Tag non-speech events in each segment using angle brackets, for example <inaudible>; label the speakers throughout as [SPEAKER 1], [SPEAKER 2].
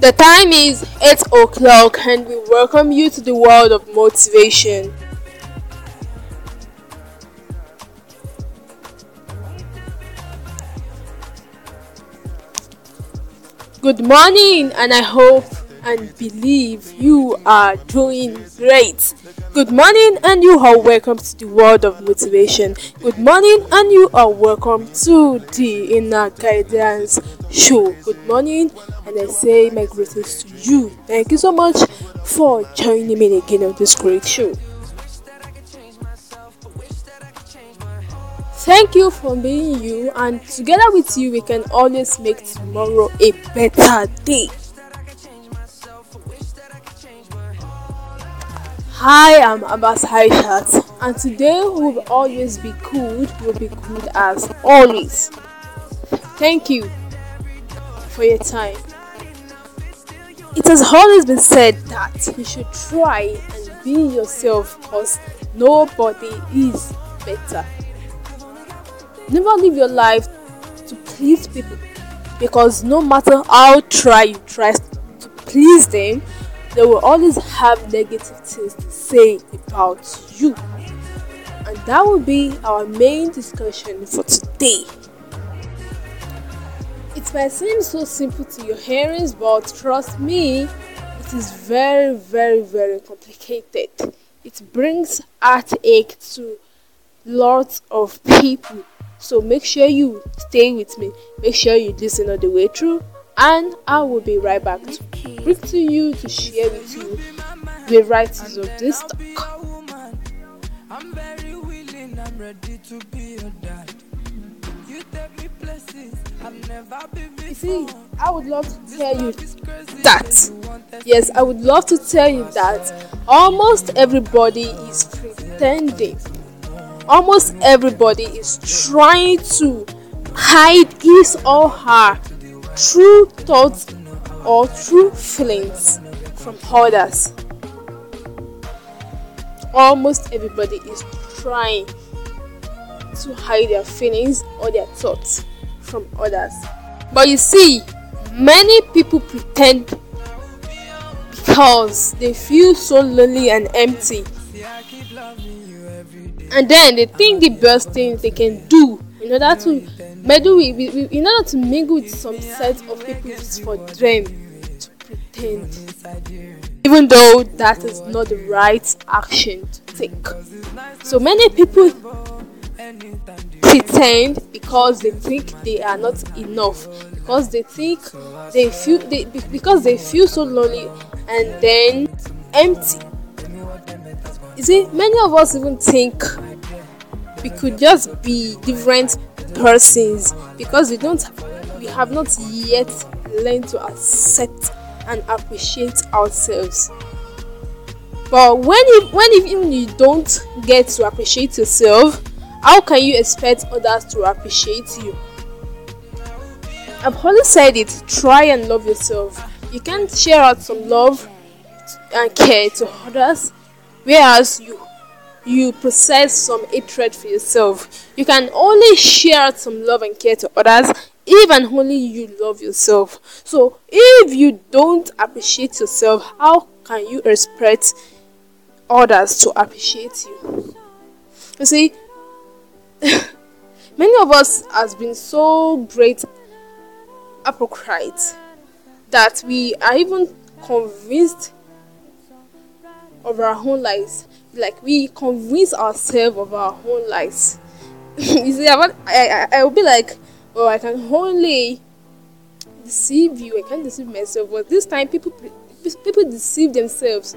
[SPEAKER 1] The time is 8 o'clock, and we welcome you to the world of motivation. Good morning, and I hope and believe you are doing great. Good morning, and you are welcome to the world of motivation. Good morning, and you are welcome to the Inner Guidance Show. Good morning, and I say my greetings to you. Thank you so much for joining me again on this great show. Thank you for being you, and together with you, we can always make tomorrow a better day. Hi, I'm Abbas Haishat, and today we will always be cool. we will be cool as always. Thank you for your time. It has always been said that you should try and be yourself because nobody is better. Never live your life to please people because no matter how try you try to please them, they will always have negative things to say about you. And that will be our main discussion for today. It might seem so simple to your hearings, but trust me, it is very, very, very complicated. It brings heartache to lots of people. So make sure you stay with me. Make sure you listen all the way through. And I will be right back bring to you to share with you the varieties of this stock. I'm very willing, I'm ready to be your dad. You take me places I've never been before. You see, I would love to tell you that. Yes, I would love to tell you that almost everybody is pretending. Almost everybody is trying to hide his or her true thoughts or true feelings from others. Almost everybody is trying to hide their feelings or their thoughts from others. But you see, many people pretend because they feel so lonely and empty. And then they think the best thing they can do in order to gbedu we, in order to mingle with some set of people it is for them to pretend even though that is not the right action to take so many people pretend because they think they are not enough because they think they feel they because they feel so lonely and then empty you see many of us even think we could just be different persons because we don't we have not yet learned to accept and appreciate ourselves but when if, when even you don't get to appreciate yourself how can you expect others to appreciate you i've always said it try and love yourself you can't share out some love and care to others whereas you you possess some hatred for yourself. You can only share some love and care to others if and only you love yourself. So, if you don't appreciate yourself, how can you expect others to appreciate you? You see, <laughs> many of us has been so great hypocrites that we are even convinced of our own lies like we convince ourselves of our own lies. <laughs> you see, I, would I, I, will be like, oh, I can only deceive you. I can't deceive myself. But this time, people people deceive themselves.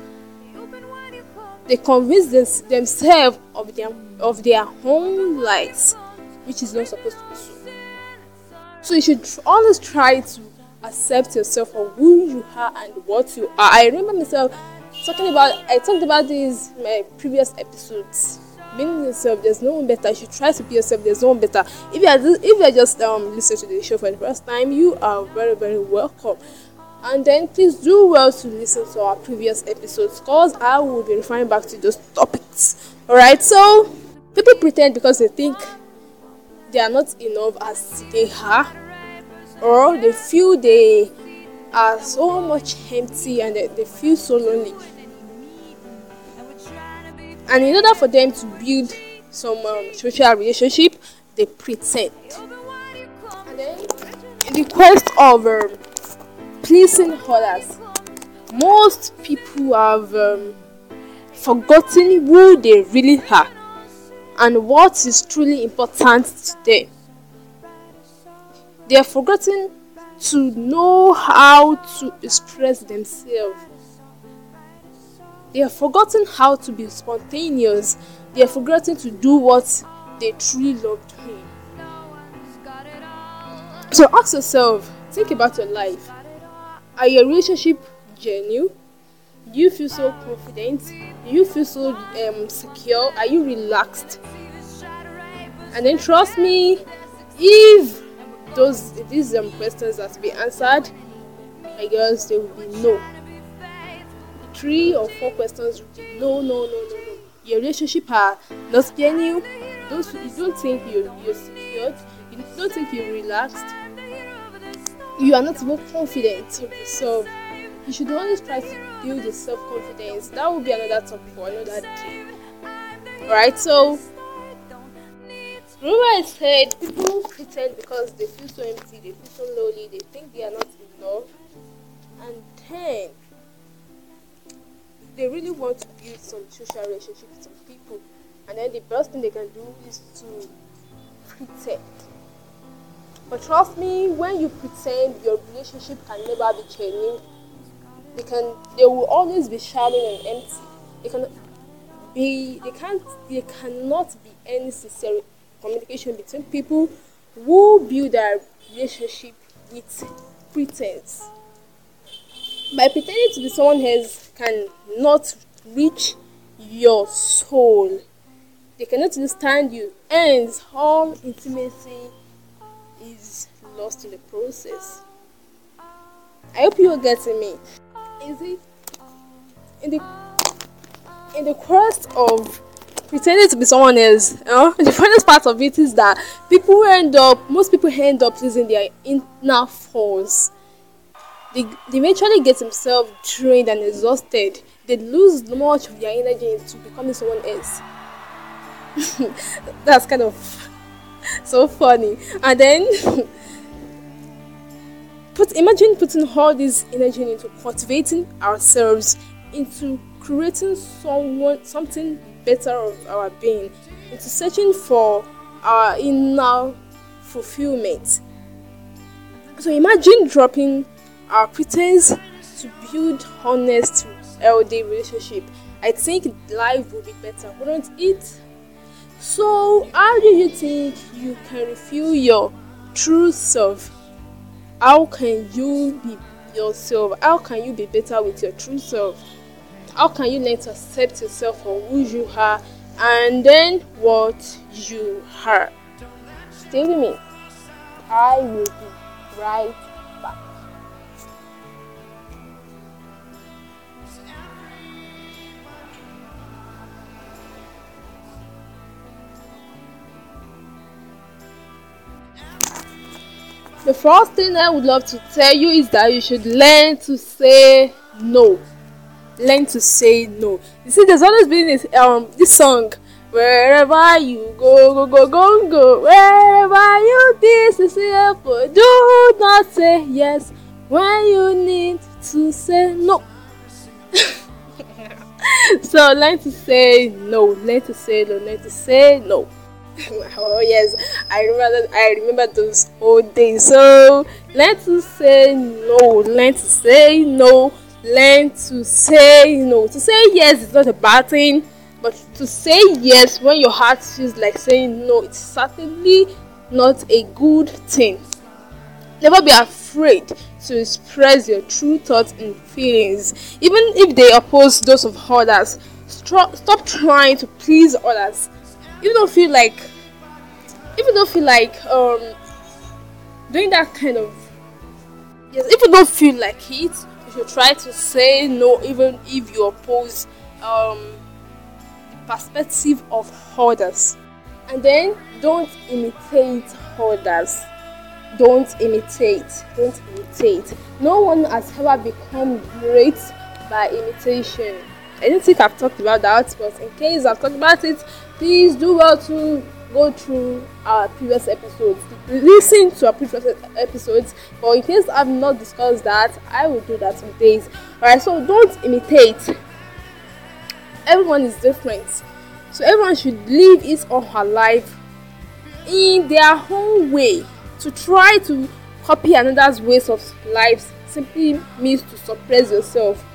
[SPEAKER 1] They convince them, themselves of their of their own lies, which is not supposed to be so. So you should always try to accept yourself for who you are and what you are. I remember myself talking about I talked about this my previous episodes. Being yourself, there's no one better. You should try to be yourself. There's no one better. If you are just, if you are just um listening to the show for the first time, you are very very welcome. And then please do well to listen to our previous episodes, cause I will be referring back to those topics. All right. So people pretend because they think they are not enough as they are, or they feel they are so much empty and they, they feel so lonely and in order for them to build some um, social relationship they pretend and then the quest of um, pleasing others most people have um, forgotten who they really are and what is truly important to them they are forgotten to know how to express themselves they have forgotten how to be spontaneous. They have forgotten to do what they truly loved him. So ask yourself, think about your life. Are your relationship genuine? Do you feel so confident? Do you feel so um, secure? Are you relaxed? And then trust me, if those these um, questions are to be answered, I guess there will be no three or four questions. No, no, no, no, no. Your relationship are not genuine. Don't you don't think you you're secured. You don't think you're relaxed. You are not even confident So You should always try to build your self confidence. That will be another topic for another day. Alright, so rumor is said people pretend because they feel so empty, they feel so lonely, they think they are not in love, and then they really want to build some social relationship with some people and then the best thing they can do is to pretend but trust me when you pretend your relationship can never be genuine they can they will always be shallow and empty they can be they can't They cannot be any sincere communication between people who build their relationship with pretense by pretending to be someone else cannot reach your soul. They cannot understand you. Ends all intimacy is lost in the process. I hope you are getting me. Is it in the in the quest of pretending to be someone else? <laughs> the funniest part of it is that people end up, most people end up using their inner force they, they eventually get themselves drained and exhausted. They lose much of their energy into becoming someone else. <laughs> That's kind of so funny. And then <laughs> put imagine putting all this energy into cultivating ourselves, into creating someone something better of our being, into searching for our inner fulfillment. So imagine dropping our uh, pretense to build honest, healthy relationship, I think life would be better, wouldn't it? So, how do you think you can reveal your true self? How can you be yourself? How can you be better with your true self? How can you learn to accept yourself for who you are and then what you are? Stay with me. I will be right the first thing I would love to tell you is that you should learn to say no. Learn to say no. You see, there's always been this um this song wherever you go go go go go wherever you this is for do not say yes when you need to say no. <laughs> so learn to say no. Learn to say no. Learn to say no. <laughs> oh yes, I remember I remember those old days. So let's say no. Let's say no. Learn to say no. To say yes is not a bad thing, but to say yes when your heart feels like saying no, it's certainly not a good thing. Never be afraid to express your true thoughts and feelings, even if they oppose those of others. Stop trying to please others. You don't feel like if you don't feel like um doing that kind of yes if you don't feel like it you should try to say no even if you oppose um the perspective of others and then don't imitate others don't imitate don't imitate no one has ever become great by imitation i don't think i've talked about that but in case i've talked about it please do well to go through our previous episodes, listen to our previous episodes. But in case I've not discussed that, I will do that some days. Alright, so don't imitate. Everyone is different, so everyone should live his or her life in their own way. To try to copy another's ways of lives simply means to suppress yourself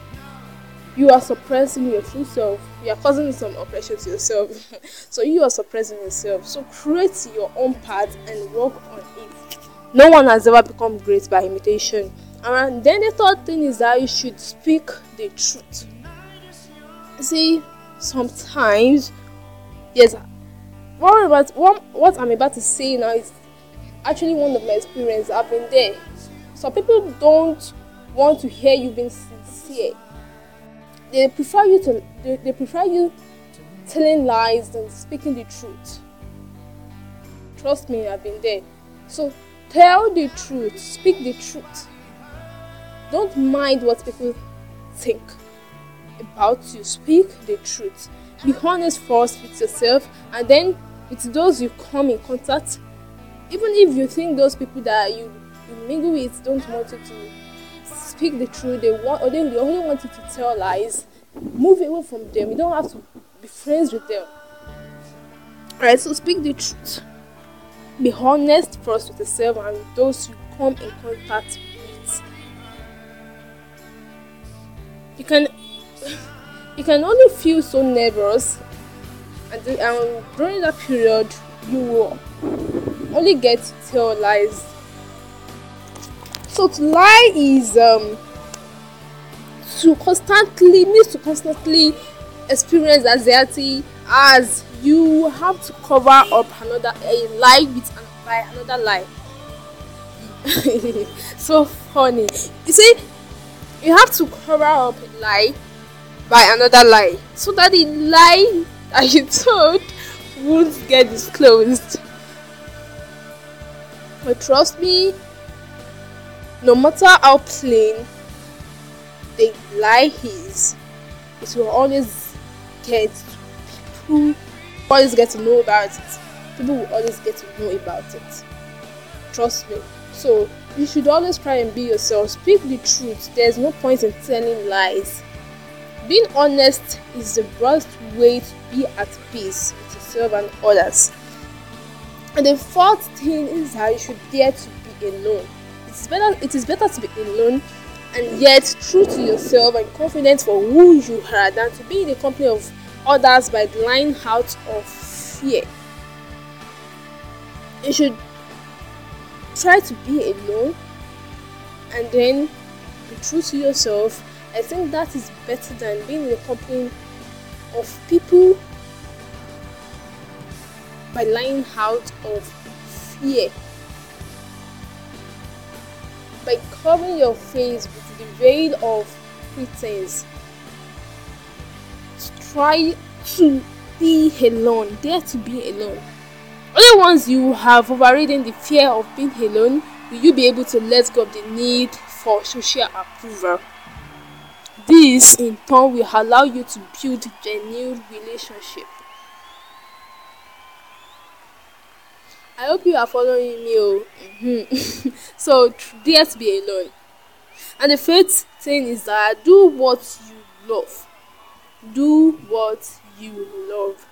[SPEAKER 1] you are suppressing your true self. You are causing some oppression to yourself. <laughs> so you are suppressing yourself. So create your own path and work on it. No one has ever become great by imitation. And then the third thing is that you should speak the truth. See, sometimes, yes, what, about, what, what I'm about to say now is actually one of my experience. I've been there. Some people don't want to hear you being sincere they prefer you to they, they prefer you telling lies than speaking the truth. Trust me, I've been there. So tell the truth, speak the truth. Don't mind what people think about you. Speak the truth. Be honest first with yourself and then with those you come in contact. Even if you think those people that you, you mingle with don't want you to speak the truth, they want or they, only want you to tell lies. Move away from them. You don't have to be friends with them. Alright, so speak the truth. Be honest first with yourself and with those you come in contact with. You can you can only feel so nervous and, and um, during that period you will only get to tell lies so to lie is um, to constantly means to constantly experience anxiety as you have to cover up another a lie with an, by another lie. <laughs> so funny. You see, you have to cover up a lie by another lie so that the lie that you <laughs> told won't get disclosed. But trust me, no matter how plain the lie is, it will always get people always get to know about it. People will always get to know about it. Trust me. So you should always try and be yourself. Speak the truth. There's no point in telling lies. Being honest is the best way to be at peace with yourself and others. And the fourth thing is how you should dare to be alone it's better it is better to be alone and yet true to yourself and confident for who you are than to be in the company of others by lying out of fear. You should try to be alone and then be true to yourself. I think that is better than being in the company of people by lying out of fear by covering your face with the veil of pretense. Try to be alone, dare to be alone. Only once you have overridden the fear of being alone will you be able to let go of the need for social approval. This, in turn, will allow you to build genuine relationship. I hope you are following me. Oh. <laughs> so dare to be alone. And the faith thing is that do what you love. Do what you love.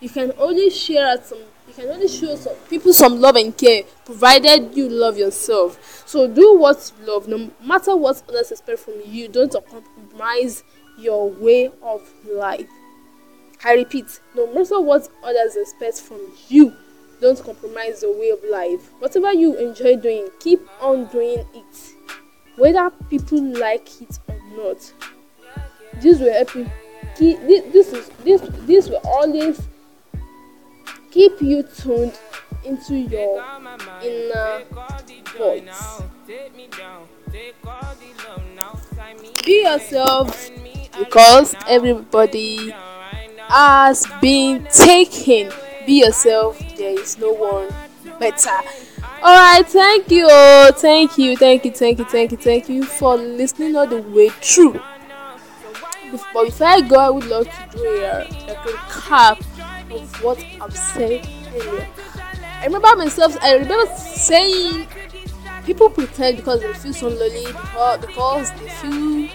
[SPEAKER 1] You can only share some you can only show some people some love and care provided you love yourself. So do what you love, no matter what others expect from you, don't compromise your way of life. I repeat, no matter what others expect from you, Don't compromise your way of life. Whatever you enjoy doing, keep on doing it, whether people like it or not. This will help you. Keep, this, is, this, this will always keep you tuned into your inner voice. Be yourself because everybody has been taken be yourself there is no one better all right thank you oh, thank you thank you thank you thank you thank you for listening all the way through but before i go i would love to do a, a recap of what i've said earlier i remember myself i remember saying people pretend because they feel so lonely because, because they feel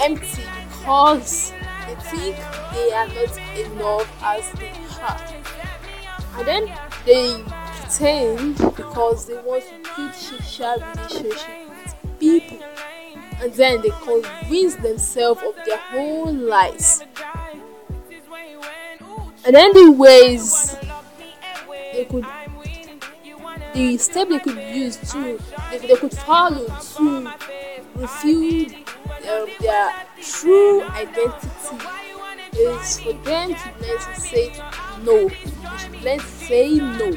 [SPEAKER 1] empty because they think they are not enough as they her. And then they pretend because they want to keep social relationship with people. And then they convince themselves of their own lies. And then the ways they could the step they could use to they, they could follow to refute um, their true identity is for them to learn to say no. They should learn to say no.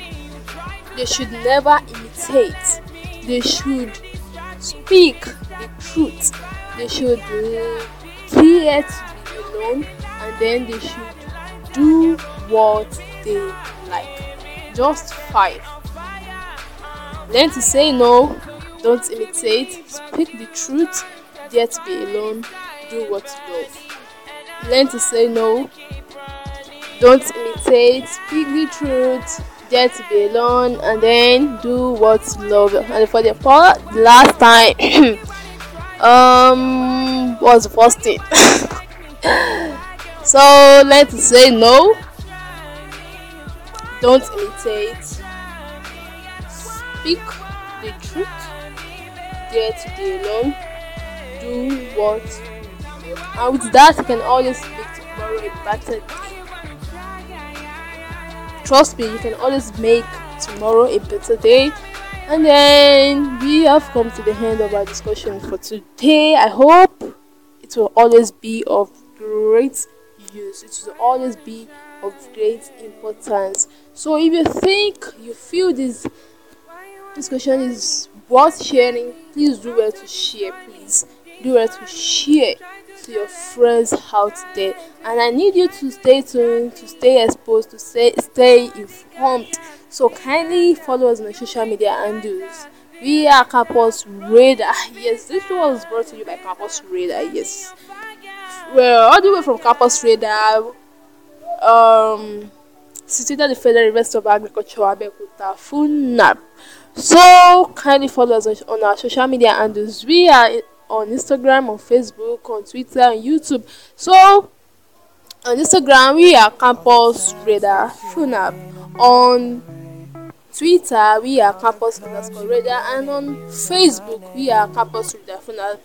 [SPEAKER 1] They should never imitate. They should speak the truth. They should uh, to be alone and then they should do what they like. Just five. Learn to say no, don't imitate, speak the truth, dare to be alone, do what you love learn to say no, don't imitate, speak the truth, Dare to be alone, and then do what's love. And for the part, last time, <coughs> um, was the first thing? <laughs> so learn to say no, don't imitate, speak the truth, Dare to be alone, do what and uh, with that you can always make tomorrow a better day trust me you can always make tomorrow a better day and then we have come to the end of our discussion for today i hope it will always be of great use it will always be of great importance so if you think you feel this discussion is worth sharing please do well to share please do well to share to your friends out there and i need you to stay tuned to stay exposed to stay, stay informed so kindly follow us on our social media handles we are campus radar yes this show was brought to you by campus radar yes well all the way from campus radar um situated the federal university of agriculture abeokuta funab so kindly follow us on our social media handles we are on Instagram, on Facebook, on Twitter, on YouTube. So on Instagram, we are Campus Radar FUNAB. On Twitter, we are Campus underscore Radar, and on Facebook, we are Campus Radar FUNAB.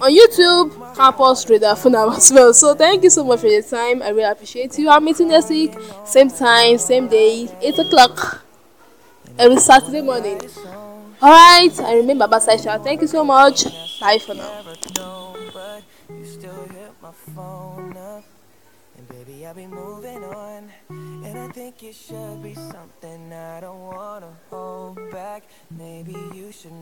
[SPEAKER 1] On YouTube, Campus Radar FUNAB as well. So thank you so much for your time. I really appreciate you. I'm meeting next week, same time, same day, eight o'clock every Saturday morning. All right, I remember Basai Thank you so much. Bye for now. And baby, I'll be moving on. And I think it should be something I don't wanna hold back. Maybe you should.